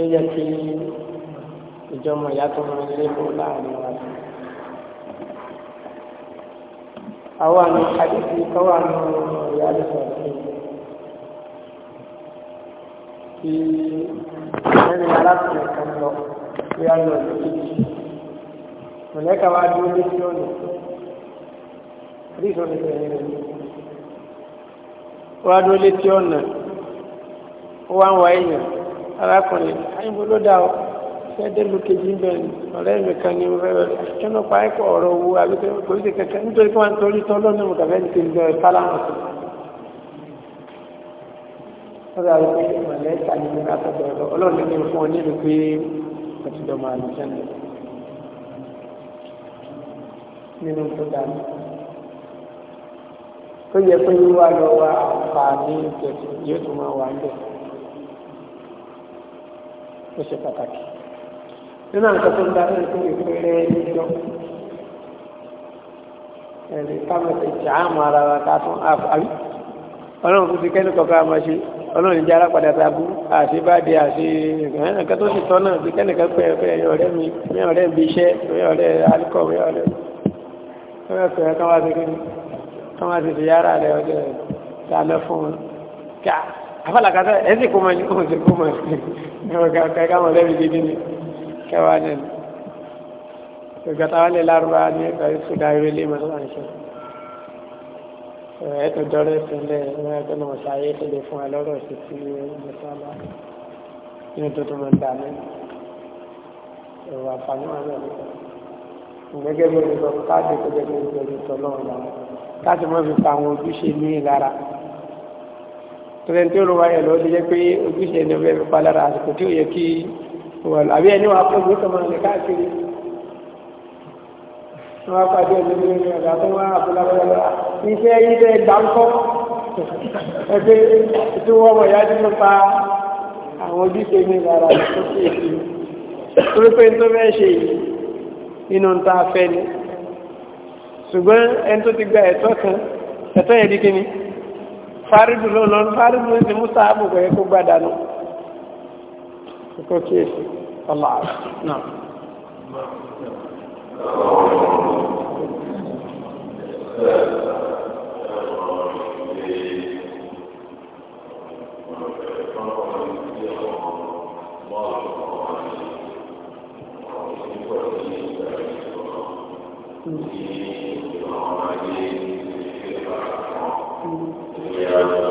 tó yẹ kí ìjọmọ ìyá tó máa ń lékún láàrin wa sí. àwọn àmì àdìsí kan wà nù ìyá rẹ̀ sọ̀rọ̀ sí kí ẹni alákùnrin kan lọ pé a lọ sí ìdí mọ̀lẹ́ka wa dúró létí ọ̀nà àdìsí ọ̀nà ìṣẹ̀lẹ̀ rẹ̀ wá dúró létí ọ̀nà ó wá ń wá èèyàn arákùnrin ayíbo ló dá o, fẹ́ẹ́dẹ́ lu kejì bẹ́ẹ̀ ni ọ̀rẹ́ mi kan ní rẹ̀ kẹ́nu pa ẹ̀kọ́ ọ̀rọ̀ owó àbíkẹ́ kò sí kẹ̀kẹ́ nítorí kí wọ́n torí tọ́ lọ́nà mọ̀ kàfẹ́ nìkan ní ọ̀rẹ́ pálánù. ọ̀rọ̀ àwọn pé ìmọ̀lẹ́ ta ni mo kàtọ́ bẹ̀rẹ̀ ọlọ́run ní fún ọ nílùú pé ọtúndọ̀ máa lù sẹ́nu nínú tó dání. tó yẹ pé wíwá lọ wá àǹfààní ìjẹ̀sìn yóò tún máa wà ń bẹ̀rẹ̀ ó ṣe pàtàkì nínú àǹkan tó ń darí ètò ìpínlẹ̀ níjọ ẹni kámẹ́tì ìjà àmọ́ ara wa ká fún àbí ọlọ́run tó ti kẹ́ni kọ̀ọ̀kan àmọ́ ṣe ọlọ́run ìjà arápadà tabú àṣẹ bá dé àṣẹ ìgbọ̀n ẹ̀ka tó ti tọ́ náà bí kẹ́ni kan pẹ́ pẹ́ ẹ̀yìn ọ̀rẹ́ mi ẹ̀yìn ọ̀rẹ́ mi iṣẹ́ ẹ̀yìn ọ̀rẹ́ alikọ̀ ẹ̀yìn ọ̀rẹ́ ẹ̀yìn ọ̀rẹ́ kan wá sí kí kan wá sí ti yára rẹ̀ ọ̀rẹ́ ta lọ fún wọn ká afalakata ẹsẹ kọmọ ni ọsẹ kọmọ ni ọgá kẹkẹ àwọn ọlẹbi gidi ni kẹwàá ni ọgá táwọn lè lárúbá ní ẹgbẹ ìṣúdá ìwé lè máa ń ṣe ẹtọ dọrọ ìpínlẹ ẹgbẹ ẹgbẹ náà ṣàyè ìpínlẹ fún wa lọrọ sí ti mẹsàlá ní tuntun máa ń dà mí ìwà àǹfààní wà náà gbẹgẹ bí olùkọ́ káàdì kọjá ní ìgbẹ̀rù tọ́lọ́run lára káàdì mọ́ fi pa àwọn ojúṣe ní ìlara tọ́lẹ̀ tí ó lọ wáyé lọ jẹ́ pé ojúṣe ẹni ọbẹ̀ mi palára àsìkò tí ó yẹ kí wọ́n lọ àbí ẹni wàá pọ̀ gbé kọ́mọ rẹ̀ káàkiri wọ́n wá pàdé ẹni ní ẹni ọ̀dà tó wá àbúlábọ́lá iṣẹ́ yìí bẹ́ẹ̀ gbà ń kọ́ ẹgbẹ́ tí wọ́n mọ̀ ni ṣùgbọ́n ẹni tó ti gba ẹ̀tọ́ kan ẹ̀tọ́ yẹ fárídù ló lọ fárídù ló ti mú sáàbù yẹ kó gbàdá nù kókó kíyèsí ọlọ́àbù náà. Thank you. ìlera lọ.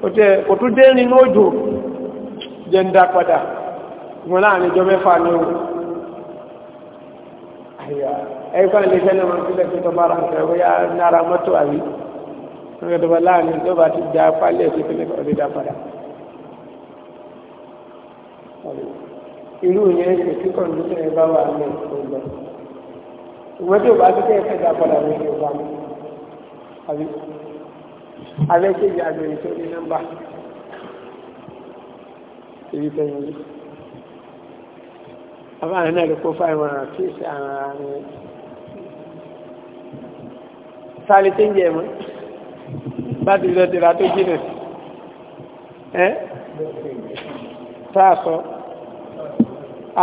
kò tún dé nínú òjò jẹ́ ń dá padà wọn láàrin ìjọ mẹ́fà ní o ẹ̀kọ́ ilé iṣẹ́ náà máa fi lẹ́sìn tó bára nǹkan bóyá nára mọ́tò àrí nígbà tó bá láàrin tó bá ti dá pálí ẹ̀sìn tó lẹ́kọ̀ọ́ lè dá padà irú yẹn ṣe kí kọ̀ǹdíṣẹ́ ẹ bá wà ní ìgbà ìwọ́n tí ò bá ti kẹ́ ẹ̀fẹ́ dá padà ní ìgbà abẹ́kejì àgbèrè tó ní nọ́mbà ibi tẹ́yìn yìí abáyé náà lè kó fáìmù ọ̀nà tí ì sí àwọn àmì sáàlì tí ń jẹ mọ́ láti lọ tìrà tó jìnà ẹ́ sáàsọ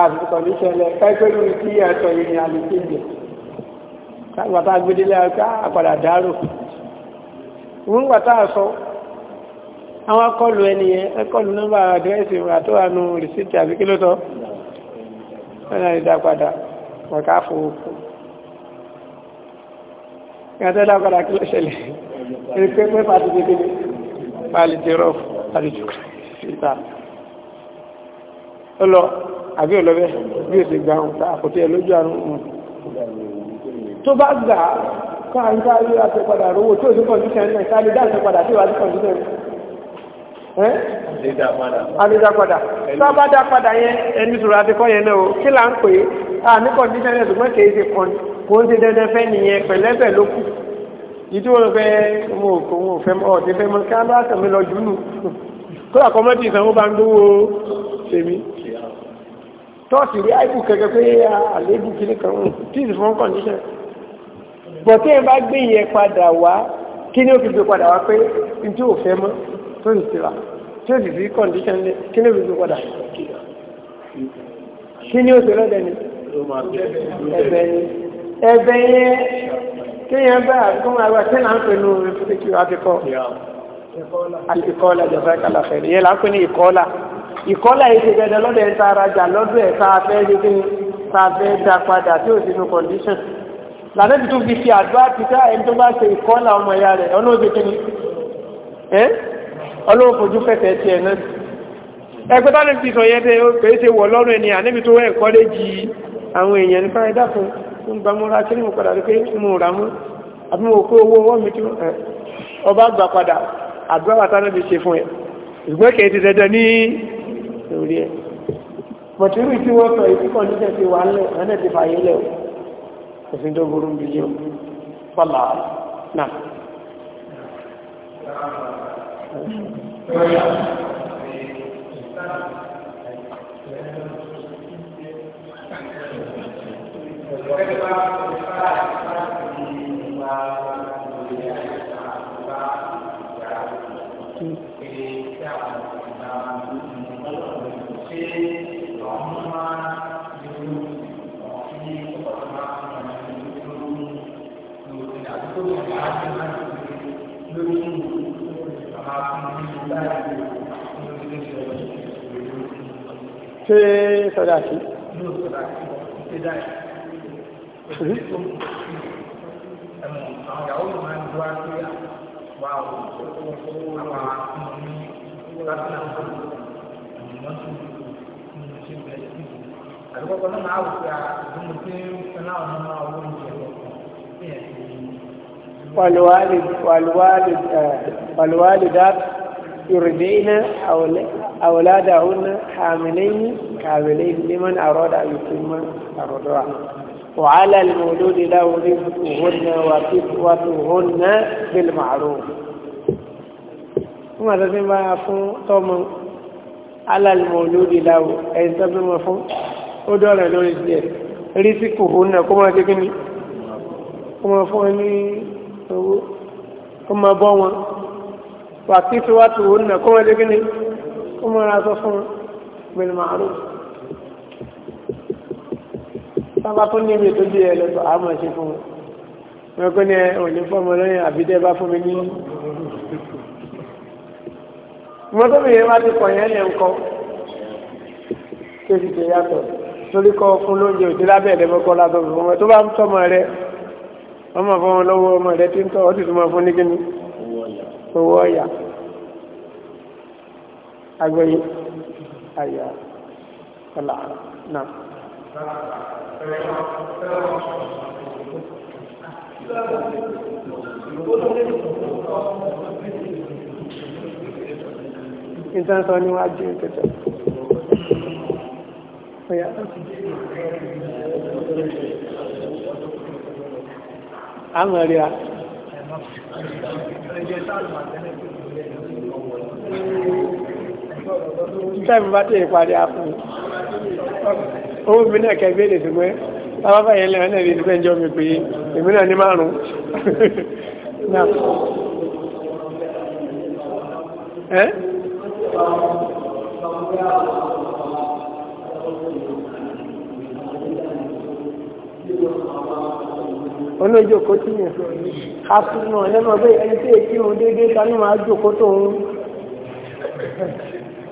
àbùkọ̀ níṣẹ́lẹ̀ káìpẹ́rù tí àtọ̀ yìí àlùkí jẹ káàkiri àgbédélé àpàdà dárò wọ́n gbà tá a sọ àwọn akọlù ẹniyẹn akọlù nọ́mbà àdírẹ́sì wọn àtọ́ àánú rìsíìtì àbí kí ló tọ́ ẹ̀nà ìdápadà ọ̀ká fòókù ìgbàtọ́ ìdápadà kí ló ṣẹlẹ̀ èké pé pàtìkì kí ni pàlì ti rọ̀ àdìjú síta ó lọ àbí òlọ́bẹ̀ bí ó sì gbà ń ta àkótí ẹ̀ lójú àrùn káà ń sáré àti padà rówó tó ní kọ̀ǹdíṣàn náà sáré dá àti padà tí wàá ní kọ̀ǹdíṣàn ẹ́ àdédá padà sábà dá padà yẹn ẹni sọ̀rọ̀ àti kọ́ yẹn náà o kí là ń pè é à ní kọ̀ǹdíṣàn náà ṣùgbọ́n kì í ṣe kàn kó ń ṣe dandan fẹ́ nìyẹn pẹ̀lẹ́bẹ̀ ló kù ìdí wọn fẹ́ mo kò wọn fẹ́ mọ́ ọ̀dẹ́ fẹ́ mọ́ kí wọ́n bá kàn mí lọ jù nù kó àkọ́mọ́tì ìsanwó bá ń dówó tèmi tọ́ọ̀sì rí àìkú kẹ̀kẹ́ pé àlébù kìnnìkan tí ì bọ̀tí ẹ̀ bá gbé yẹn padà wá kí ni ó fi gbé padà wá pé n tí ò fẹ́ mọ́ tó sì ti tí ó sì sí condition lé kí ni ó fi gbé padà kí ni ó sì lọ́dẹ ni ẹ̀bẹ̀ ni ẹ̀bẹ̀ yẹn kí yẹn bá àgbọ̀n àgbà tí là ń pè ní orin fún kí akẹ́kọ̀ọ́ àti ìkọ́lá jọ̀fẹ́ kàlàfẹ́ yẹn là ń pè ní ìkọ́lá ìkọ́lá yìí ti gẹ́gẹ́ lọ́dẹ̀ ń ta lọ́dún ẹ̀ tá condition. lànàbí tó fi ṣe àdúrà títà ẹni tó bá ṣe ìkọ́lá ọmọ ìyá rẹ̀ ọlọ́ọ̀dẹ́ kí ni ẹ́ ọlọ́ọ̀fojú fẹ́fẹ́ ti ẹ̀ náà ẹgbẹ́ bá níbi sọ yẹ́ tẹ́ ṣe wọ̀ lọ́rùn ẹni ànẹ́bí tó wẹ́ ẹ̀kọ́ jí àwọn èèyàn nípa ẹ̀dá fún un gba múra kí mo padà rí pé mo rà àbí mo kó owó wọ́n kò sí tó burú bí yóò fọlá náà. Thank you. ṣe sọ́dá sí àdúgbò náà máa wù pé àdúgbò tí ń fẹ́ náà ní máa wù ní ìjẹ́ ọ̀kan. wàlúwàlì dáàbò yorùbá iná àwọn lẹ́yìn. أولادهن حاملين كاملين لمن أراد أن يتم الرضاعة وعلى المولود له رزقهن وكسوتهن بالمعروف ثم تسمى فún tọ́mọ على المولود له ẹni tó bímọ fún ó dọ́rẹ̀ lórí díẹ̀ rizquhunna kó máa dégbé ní kó máa fún ẹni owó kó máa bọ́ wọn wàkísíwátùhunna kó máa dégbé ní ó múra sọ fún bil ma'ruf sábà tó níbi tó di ẹlẹ́tọ̀ àmọ̀ ṣe fún wọn pé ní òní fọ́mọ lẹ́yìn àbídẹ́ bá fún mi ní mọ́tò mi yẹn bá ti kọ̀ yẹn lẹ́ ń kọ́ tó yàtọ̀ torí kọ́ fún lóúnjẹ òdí lábẹ́ ẹ̀dẹ́gbẹ́kọ́ látọ̀ fún wọn tó bá ń tọ́mọ rẹ ọmọ fún wọn lọ́wọ́ ọmọ rẹ ti ń tọ́ ọ sì tún máa fún ní kíni owó ọ̀yà agbẹ́yé àyà ọ̀là náà. Nǹkan sọ níwájú ìtẹ̀tẹ̀. Ọ̀yà. Àmọ̀ rí a. Ẹ̀jẹ̀ sáàlù àtẹ́lẹ̀ tẹ́ẹ̀mù bá tẹ̀yìn parí afún owó mi náà kẹ́ béèrè sí pé bàbá báyẹn lẹ́yìn náà lè fẹ́ jọ mi pé èmi náà ní márùn ẹ́ olójó kó tí yẹn kásùnà ẹlẹ́mọ̀ bẹ́ẹ̀ ẹni tí èkí òun déédéé kanú máa jòkó tóun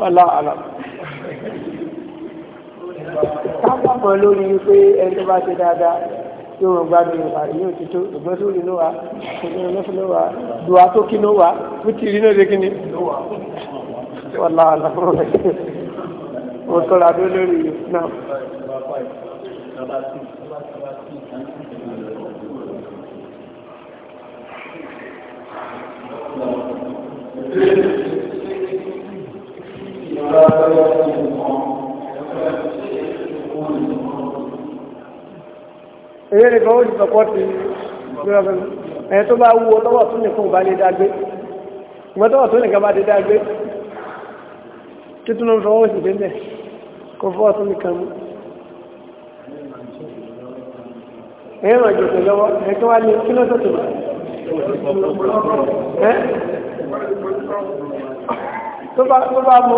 ọlá àlọ́. kábàámọ̀ lórí pé ẹni tó bá ṣe dáadáa tí wọn gbádùn ìwà yóò ti tó ìgbọ́n tó rí ló wà ìgbọ́n tó rí ló wà dùwà tó kí ló wà fúti rí náà lékíní. ọlá àlọ́ mo tọ́ra dó lórí náà. Thank you èyí ni kan ó ti sọpọ́ ti ẹ̀ tó bá wú ọlọ́wọ́ tún nìkan bá lè dágbé ìgbọ́tọ́wọ́ tún nìkan bá lè dágbé títún lọ́nà fọwọ́ sí bẹ́ẹ̀ kò fọ́ tún nìkan mú ẹ̀yẹ́ ràn jù lọ́wọ́ ẹ̀ tó wá ní kí ló tó tó bá mú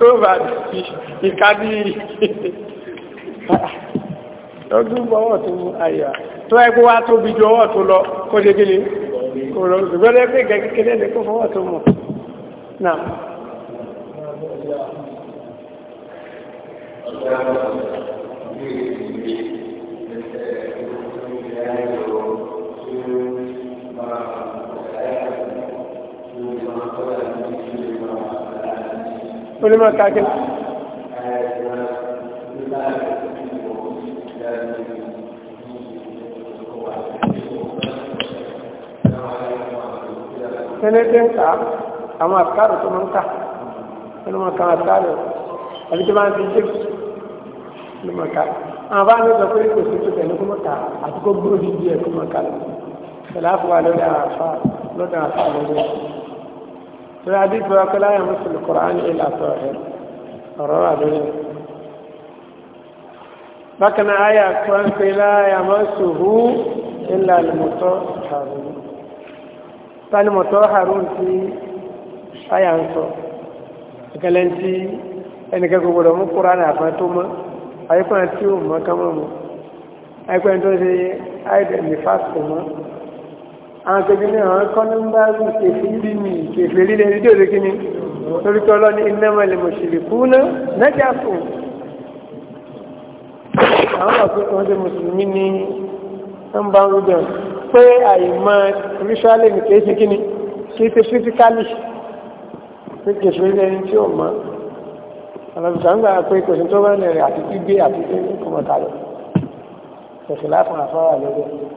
kó bá ìka ní ọdún bọ́wọ́ tó ayà tó ẹgbó wá tó bí ju ọwọ́ tó lọ kó ṣe kí ni kò lọ ṣùgbọ́n kó fọwọ́ tó mọ̀ náà Thank you. onímọ̀ káàkiri. tẹ́lẹ́tẹ́ ń ta àwọn àkárò tó máa ń ta onímọ̀ kan àkárò àbí tó máa ń fi jẹ́ onímọ̀ ká àwọn bá ní ìgbàgbọ́ ìgbò sí tó tẹ̀lé kó mọ̀ ká àti kó gbúrò dídí ẹ̀ kó mọ̀ ká lọ. tẹ̀lé àfọwà lọ́dọ̀ àfà lọ́dọ̀ àfà lọ́dọ̀ àfà torí adéfò akọ́lá yà mùsùlùmí kọ́ránì ilà tọ́hìn ọ̀rọ̀ wà lórí bákan náà ayà kọ́ńpé láyà mọ́sùlùmí ilà lùmọ̀tọ́ harun tálùmọ̀tọ́ harun ti ayà ń sọ ìkẹlẹ́ ti ẹnìkan kò gbọdọ̀ mú kọ́ránì àfọ́n tó mọ́ ayé kọ́ńtì ò mọ́ kámọ́ mọ́ ayé kọ́ńtì ó ṣe ayé dẹ̀ ní fásitì mọ́ àwọn kejì ní àwọn kọ́ ní ń bá rí ìfèrí ní ìfèrí lè rí dèrè kíni torí kí ọlọ́ni iná mẹ́lẹ̀ mọ̀ṣìlì kú náà mẹ́jà fún àwọn ọ̀pẹ́ wọn ṣe mùsùlùmí ní ń bá rú dàn pé àìmọ̀ ríṣọ́lẹ̀ ní kìí ṣe kíni kìí ṣe físíkálì pé kìí ṣe orílẹ̀ tí ó mọ́ ọlọ́bìsà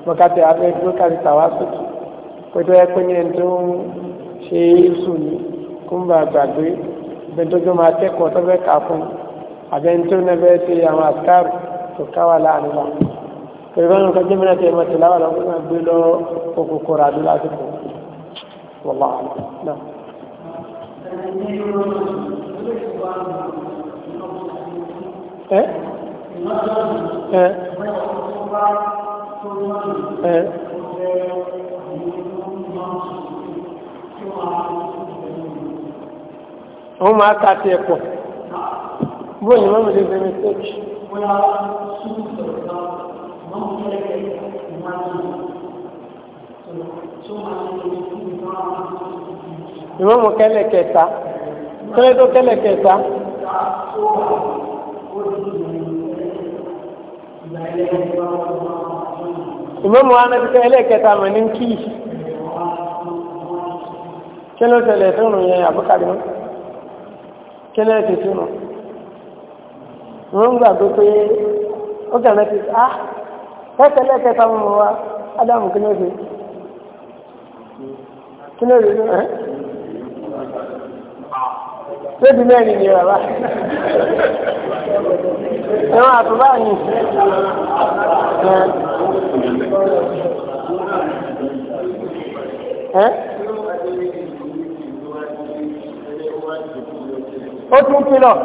mọ́kàtẹ̀ abẹ́gbẹ́ kárí tàwa sókè pẹ̀tọ́ ẹ pé ní ẹni tó ń ṣe yéṣù ní kó ń bá gbàgbé ẹni tó gbọ́n máa kẹ́kọ̀ọ́ tó fẹ́ kà fún àbẹ́ni tó náà bẹ́ẹ̀ ṣe àwọn àkàrù tó káwà láàrin wa pẹ̀lú bá nǹkan jẹ́ mìíràn tí ẹ̀mọ́ ti láwà lọ́wọ́ máa gbé lọ òkòkò rà lóla àdúgbò wọ́lá náà. ẹ ẹ ẹ òun máa ka tiẹ̀ pọ̀ bó ni mọ́mí lè fẹ́ mistake. ìmọ̀mù kẹ́lẹ̀ kẹta kẹ́lẹ̀ tó kẹ́lẹ̀ kẹta. ìmọ̀mù wa náà ti kẹ́lẹ̀ kẹta mọ̀ ní kíyì. kí ló tẹ̀lẹ̀ sínú ya àbúkàrí mọ́ kí ló ti sínú wọ́n gbàgbé pé ó kẹ̀lẹ́ ti á ah, tẹ́tẹ́lẹ́ kẹta mọ́ wa ádámù kí ló ṣe kí ló ṣe ẹ́ tóbi mẹ́rin ni n'o ẹ̀wọ̀n àtúbà yìí ẹ́ ó tún kìlọ̀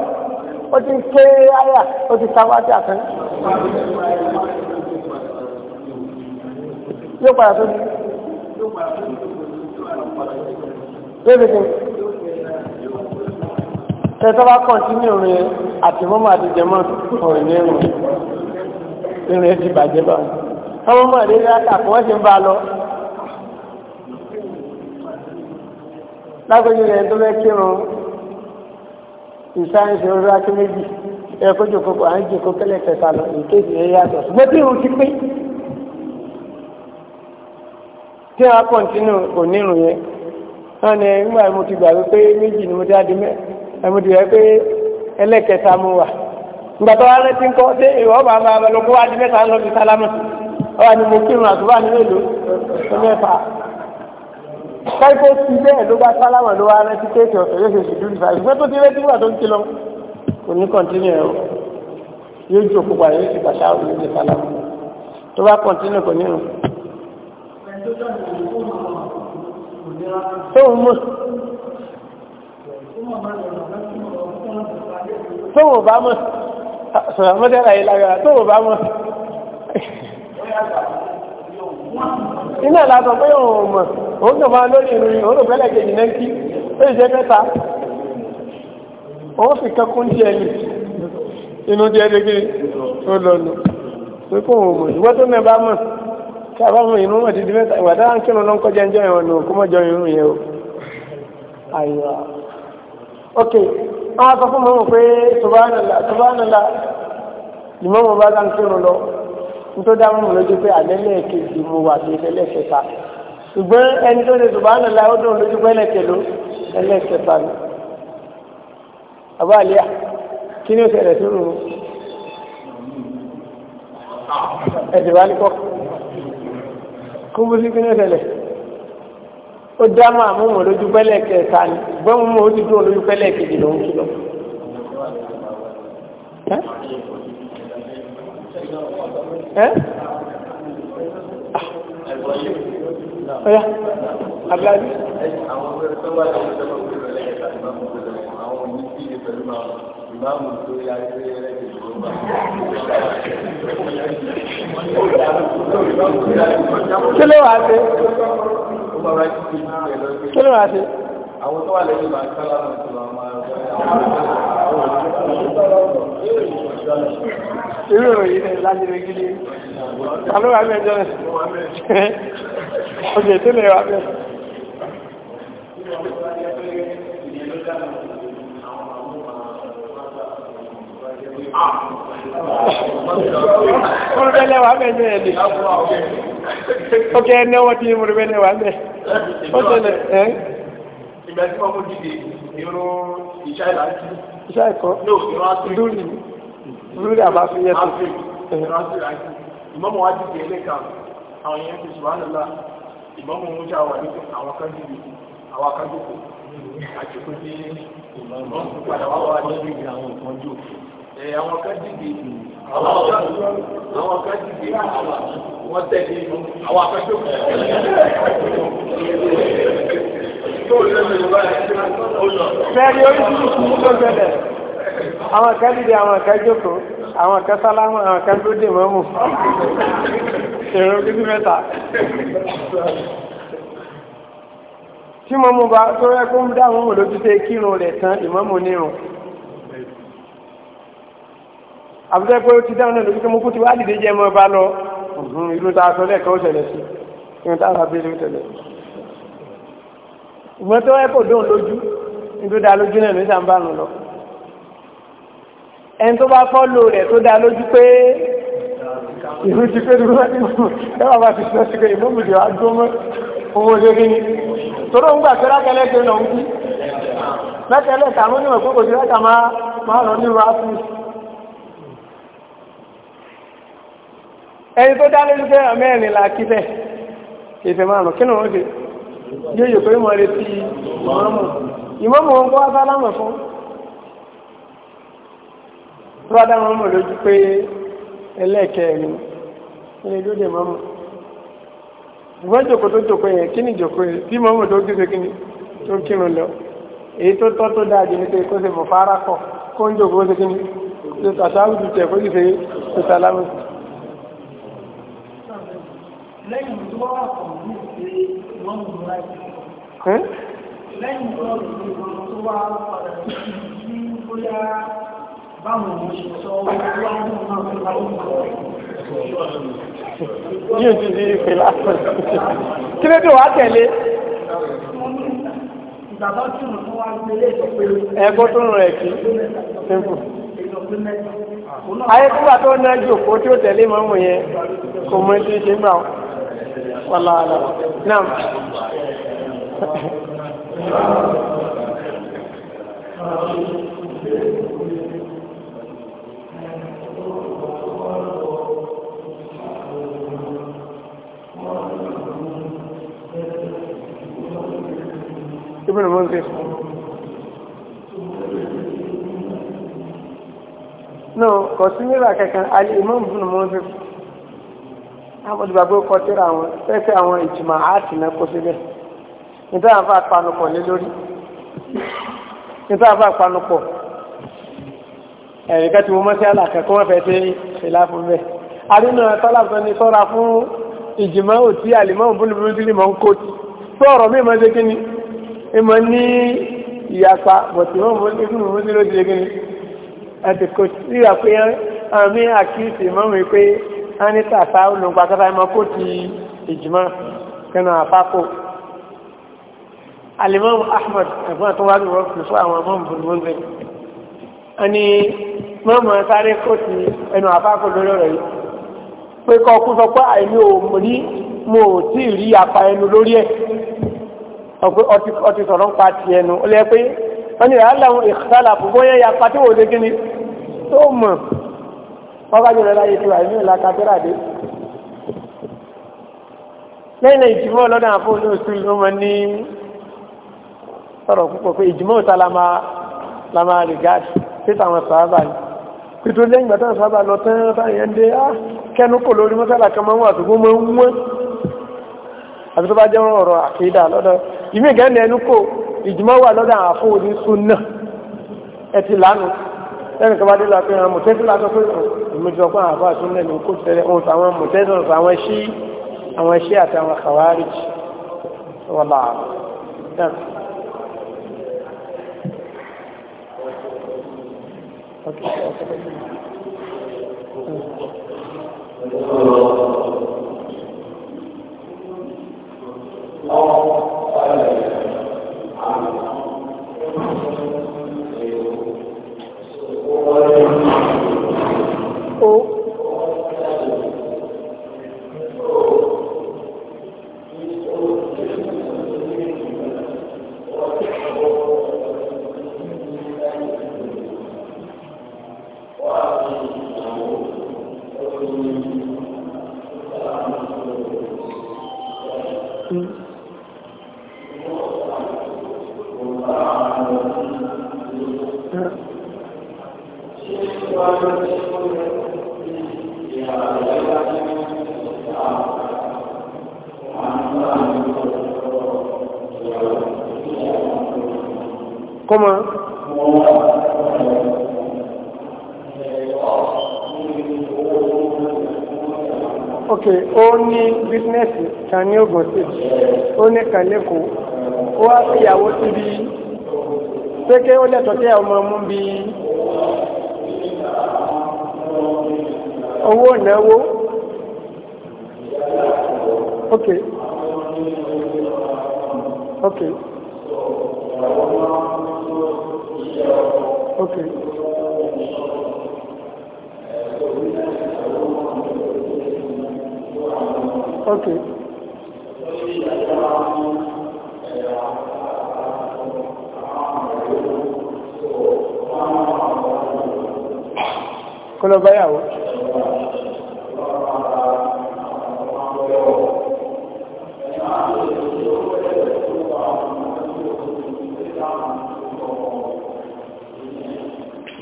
ó ti ké àyà ó ti sáwọ́ àti àkàn. yóò padà tó di. lórí kí tẹ́tọ́ bá kọ̀ntínú rẹ̀ àtìmọ́mọ́ àti jẹmọ́ ọ̀rìn ní ẹ̀rùn ìrìn ti bàjẹ́ bá ọmọ mọ̀ ní láta kò wọ́n ti ń bá lọ lágbèjì rẹ̀ tó fẹ́ kírun ìsáyẹ̀nsì orí wákí méjì ẹ̀kọ́ jòkó à ń jòkó kẹ́lẹ̀ kẹta lọ ìkéjì yẹn yàtọ̀ ṣùgbọ́n tí ti pín tí a kọ̀ǹtínú kò nírun yẹn wọn ni nígbà mo ti gbà ni mo ti adi mẹ pé ẹlẹ́kẹta mo wà káyipó ti bẹ́ẹ̀ ló bá sálámà ló wá rántí kéèkì ọ̀sẹ̀ yóò ṣe ṣùdúrù sáà ìgbẹ́ tó ti rẹ́ nígbà tó ń kí lọ kò ní kọ̀ntínú ẹ̀ o yóò ju òkú wa yóò ti gbàṣà òun ní sálámà tó bá kọ̀ntínú kò ní o. tóun mú tóun ò bá mọ̀ sọ̀rọ̀ mọ́tẹ́rà yìí lágbára tóun ò bá mọ̀ iná làtọ̀ pé òun ò mọ̀ òun náà máa lórí ìròyìn òun òbẹ́lẹ̀ kejì náà kí ó ìjẹ́ mẹ́ta òun fi kankún díẹ̀ lè inú díẹ̀ dégé ó lọ nù pé kó òun mọ̀ ìwọ́n tó mẹ́ bá mọ̀ kí a bá mọ̀ ìmú o. àyà ok wọn á sọ fún lọ nítorí dá lójú pé àlẹ́lẹ́ kejì mo wà sí ṣùgbọ́n ẹni tó ṣe ṣùgbọ́n àlọ́ ọdún lójú pé ẹlẹ́kẹ̀ ló ẹlẹ́kẹ̀ pa mi. àbá àlíyà kí ni ó ṣẹlẹ̀ tó rò ó ẹ̀sìn wá ní kọ́ kó bó sí kí ni ó ṣẹlẹ̀ ó dá máa mú mọ̀ lójú pé ẹlẹ́kẹ̀ ni ṣùgbọ́n mo ó ti dúró lójú pé ẹlẹ́kẹ̀ jì lòún kí ẹ́ ẹ́ ọ̀yá abdulaziz. àwọn ọmọ ẹgbẹ́ tó wà ní ọjọ́ náà wọlé rẹ̀ lẹ́yìn láti máa mú ọjọ́ rẹ̀ àwọn òní sí ilé pẹ̀lú máa ìmáàmù tó yá sí ẹlẹ́gbẹ̀ẹ́ tó bá kí ló wàá ṣe kí ló wàá ṣe. àwọn tó wà lẹ́yìn máa ń sábà máa ń sọ̀rọ̀ àwọn irú ìròyìn ni láti rí gidi. àlọ́ àmì ẹjọ́ rẹ̀ ọjọ́ ìtẹ́lẹ̀ wà bẹ́ẹ̀. Mọ̀rùbẹ́lẹ̀ wà bẹ́ẹ̀ ní ẹ̀lẹ̀. Ọkẹ́ ẹni ọwọ́ tí mọ̀rùbẹ́lẹ̀ wà bẹ́ẹ̀. Ó tẹ́lẹ̀ ẹ́. Ìgbà tí wọ́n mú dìde, irun ìṣá ìlàjú. Ìṣá ìkọ́. Lórí. Lórí àbáfin yẹn tó. Ìmọ̀mọ̀ wá dìde ẹlẹ́ka, àwọn yẹn ti ṣùgbọ́n ìmọ̀mù ń jà wà nípa àwọn kan dìbò àwọn kan dìbò àjòkó tí ìmọ̀mù padà wá wà níbi ìgbà àwọn nǹkan jò àwọn kan dìbò àwọn kan dìbò wọ́n tẹ̀lé àwọn kan jò sẹ́ẹ̀rí oríṣiríṣi ní tó gbẹ̀lẹ̀ àwọn kan dìde àwọn kan jókòó àwọn kan sálámù àwọn kan tó dè mọ́mù èrò kìí mẹ́ta tí mo mú bá tó rẹ́ kó ń dáhùn mò lójúté kírun rẹ̀ tán ìmọ̀mù nírun àbúrẹ́ pé ó ti dáhùn náà lójúté mú kú ti wá dìde jẹ́ mọ́ bá lọ ìlú ta sọ lẹ́ẹ̀kan ó ṣẹlẹ̀ sí ìlú ta sọ abẹ́lé ó ṣẹlẹ̀ ìmọ̀ tó rẹ́ kò dóhùn lójú nítorí dá lójú náà ní sàǹbà nù lọ ẹni tó bá fọ́ lò dá lójú ìlú ji pé dúró láti mú ẹwà bá ti sọ síkẹ ìlú mi yóò adó ń gbà pé lákẹ́lẹ́ tó lọ ń kú lákẹ́lẹ́ tàwọn onímọ̀ pé kò sí láta ẹlẹ́ẹ̀kẹrin ilé dóde mọ́mù ìwọ́n jòkó tó jòkó yẹn kí ni jòkó yẹn bí mọ́mù tó dúró kí ni tó kírun lọ èyí tó tọ́ tó dáa jù ní pé kó ṣe mọ̀ fara kọ̀ kó ń jòkó ṣe kí ni tó tàṣà wùdù tẹ̀ kó sì ṣe tó sàlámù. lẹ́yìn tó wà kọ̀ ní ìpè mọ́mù láì lẹ́yìn tó báwọn ọmọ ṣe sọ yóò ti di ìpè lásán kí ló dé wàá tẹ̀lé. ẹ̀kọ́ tó ń rẹ̀ kí ayé kúgbà tó ń nájú òkú tí ó tẹ̀lé mọ́mú yẹn kò mọ tí ṣe ń gbà wọ́lá náà. Thank you. Ibn Munzir. No, kò sí nílà kankan, Ali Imam Ibn Munzir. Àwọn ìgbàgbé kọ tíra àwọn pẹ́pẹ́ àwọn ìjìmọ̀ àti náà kó sílẹ̀. Nítorí àwọn apanupọ̀ lé lórí. Nítorí àwọn apanupọ̀. Ẹ̀ríkẹ́ tí mo mọ́ sí àlàkẹ́ kó wọ́n fẹ́ sí ìlà fún bẹ́ẹ̀. Àdínà tọ́lá ìjìmọ́ òtí àlìmọ́ òbúlùbúlù tí lè mọ́ ń kó tí tó ọ̀rọ̀ mí mọ́ ṣe kíni ìmọ̀ ní ìyapa bọ̀tí mọ́ òbúlùbúlù tí ló ṣe kíni àti kò sí àpé àmì àkíyèsí mọ́ mi pé a ní tàfà olùgbà tàfà ìmọ̀ kó ti ìjìmọ́ kẹnu àpapọ̀ àlìmọ́ Ahmad ẹ̀gbọ́n tó wá ní wọ́n fi fún àwọn ọmọ òbúlùbúlù ẹni mọ́ mọ́ sáré kó ti ẹnu àpapọ̀ lórí ọ̀rọ̀ yìí pé kọ́ kú sọ pé àìní ò rí mo ò tí ì rí apá ẹnu lórí ẹ̀ ọtí sọ̀rọ̀ ń pa ti ẹnu ó lẹ́ pé wọ́n ní ìyá làwọn ìkàlà fúnbọ́ yẹn yapa wò lé kí ni tó mọ̀ wọ́n bá jọ̀rọ̀ láyé tó àìní ìlà kábẹ́rà dé. lẹ́yìn náà ìjùmọ̀ ọlọ́dún ló mọ ní nítorí lẹ́yìn gbàtà sábà lọ tán báyẹ̀ ń dé á ah, kẹnu kò lórí mọ́sálà kan máa ń wà tó ń wọ́n àti tó bá jẹ́ ọ̀rọ̀ àkídà lọ́dọ̀ ìmí gẹ́ẹ̀nì ẹnu kò ìjùmọ̀ wà lọ́dọ̀ àfọ òní ẹ Okay. okay. sí kọ́mọ ok ó ní bísínẹ́sì kan ní Ògùn state ó ní kan lẹ́kọ̀ọ́ ó wá sí ìyàwó síbi pé kí ó lẹ́tọ̀ọ́ kí ọmọ mú bí owó ìnáwó ok ok ok. ok kó lọ báyàwó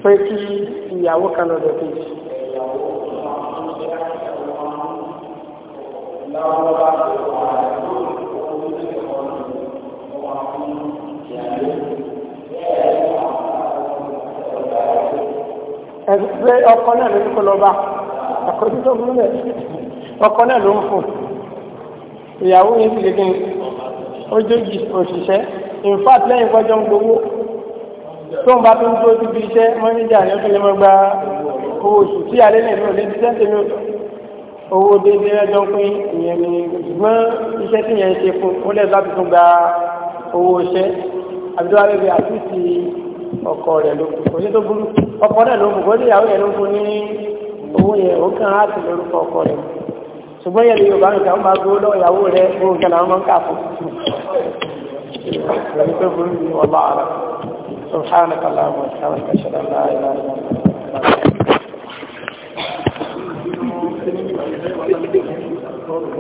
pé kí ìyàwó kan lọ́dọ̀ kejì pé ọkọ náà ló ní kó lọ bá àkójú tó burú bẹ́ẹ̀ ọkọ náà ló ń fò ìyàwó yẹn ti kékeré ojójì òṣìṣẹ́ in fact lẹ́yìn kọjọ́ ń gbowó tó ń bá tó ń tó ti fi iṣẹ́ mọ́níjà ní ọ̀fẹ́lẹ́ mọ́ gba owó oṣù tí alẹ́ náà ló lé ti sẹ́ńtẹ̀ ní owó déédéé ẹjọ́ pín ìyẹn ni ṣùgbọ́n iṣẹ́ tí yẹn ṣe fún ó lẹ́ẹ̀ láti tún gba owó iṣẹ́ àbídọ́ alẹ́ bí àtúntì ọkọ rẹ̀ ló kù kò ní tó burú ọkọ náà ló kù kó ní ìyàwó yẹn ló kù ní owó yẹn ó kàn á sì lórúkọ ọkọ rẹ̀ ṣùgbọ́n yẹn lè yorùbá nìkan ó máa gbowó lọ́wọ́ ìyàwó rẹ̀ ó nǹkan làwọn máa ń fún un tó burú ní ọlá ara سبحانك اللهم وبحمدك اشهد ان لا اله الا